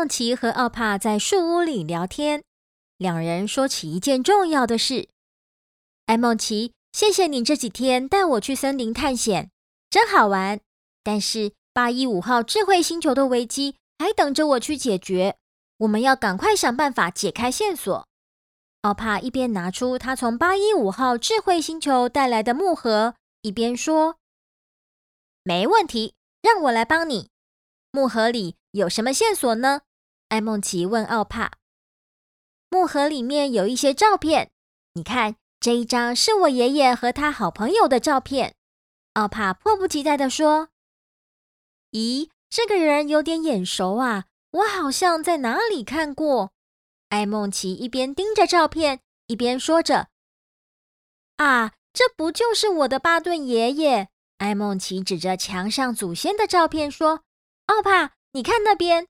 愛孟奇和奧帕在樹屋裡聊天，兩人說起一件重要的事。愛孟奇，謝謝你這幾天帶我去森林探險，真好玩。但是八一五號智慧星球的危機還等着我去解決，我們要趕快想辦法解開線索。奧帕一邊拿出他從八一五號智慧星球帶來的木盒，一邊說：“沒問題，讓我來幫你。木盒裡有什麼線索呢？”艾夢琪問奧帕：“木盒裡面有一些照片，你看這一張是我爺爺和他好朋友的照片。”奧帕迫不及待的說：“咦，這個人有點眼熟啊，我好像在哪裡看過。”艾夢琪一邊盯着照片，一邊說着：“啊，這不就是我的巴頓爺爺？”艾夢琪指着牆上祖先的照片說：“奧帕，你看那邊。”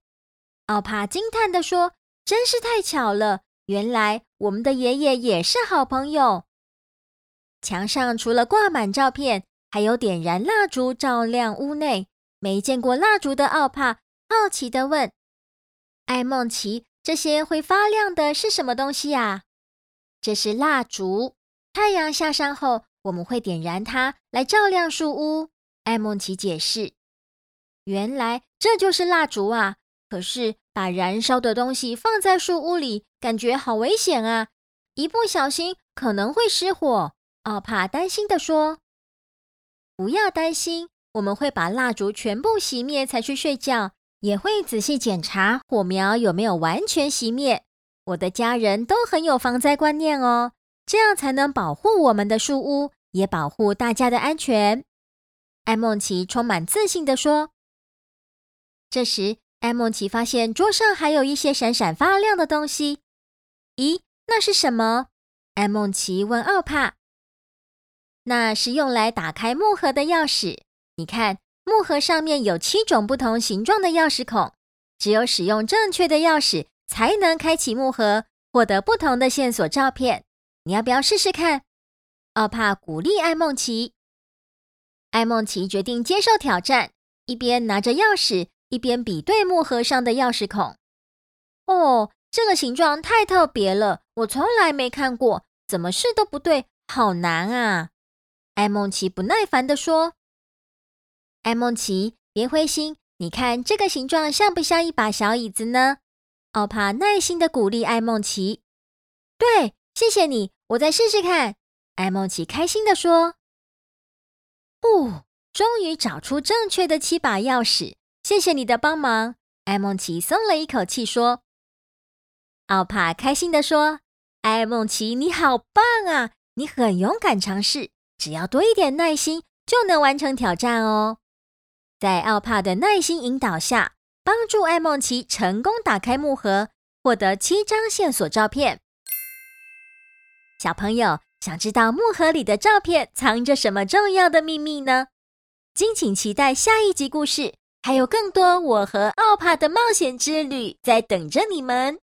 奧帕驚嘆地說：“真是太巧了！原來我們的爺爺也是好朋友。”牆上除了掛滿照片，還有點燃蠟燭照亮屋內。沒見過蠟燭的奧帕好奇地問：“愛孟奇，這些會發亮的是什麼東西呀、啊？”“這是蠟燭。太陽下山後，我們會點燃它來照亮樹屋。”愛孟奇解釋：“原來這就是蠟燭啊！”可是，把燃燒的東西放在樹屋裡，感覺好危險啊！一不小心可能會失火。奧帕擔心地說：“不要擔心，我們會把蠟燭全部熄滅才去睡覺，也會仔細檢查火苗有沒有完全熄滅。我的家人都很有防災觀念哦，這樣才能保護我們的樹屋，也保護大家的安全。”愛孟奇充滿自信地說。這時，愛孟奇發現桌上還有一些閃閃發亮的東西。咦，那是什麼？愛孟奇問奧帕。那是用來打開木盒的鑰匙。你看，木盒上面有七種不同形狀的鑰匙孔，只有使用正確的鑰匙才能開啟木盒，獲得不同的線索照片。你要不要試試看？奧帕鼓勵愛孟奇。愛孟奇決定接受挑戰，一邊拿着鑰匙。一邊比對木盒上的鑰匙孔，哦，這個形狀太特別了，我從來沒看過，怎麼試都不對，好難啊！愛孟奇不耐煩的說：“愛孟奇，別灰心，你看這個形狀像不像一把小椅子呢？”奧帕耐心的鼓勵愛孟奇：“對，謝謝你，我再試試看。”愛孟奇開心的說：“哦，終於找出正確的七把鑰匙。”謝謝你的幫忙，愛孟奇鬆了一口氣說。奧帕開心地說：“愛孟奇，你好棒啊！你很勇敢嘗試，只要多一點耐心，就能完成挑戰哦。”在奧帕的耐心引導下，幫助愛孟奇成功打開木盒，獲得七張線索照片。小朋友想知道木盒裡的照片藏着什麼重要的祕密呢？敬請期待下一集故事。還有更多我和奧帕的冒險之旅，在等着你們。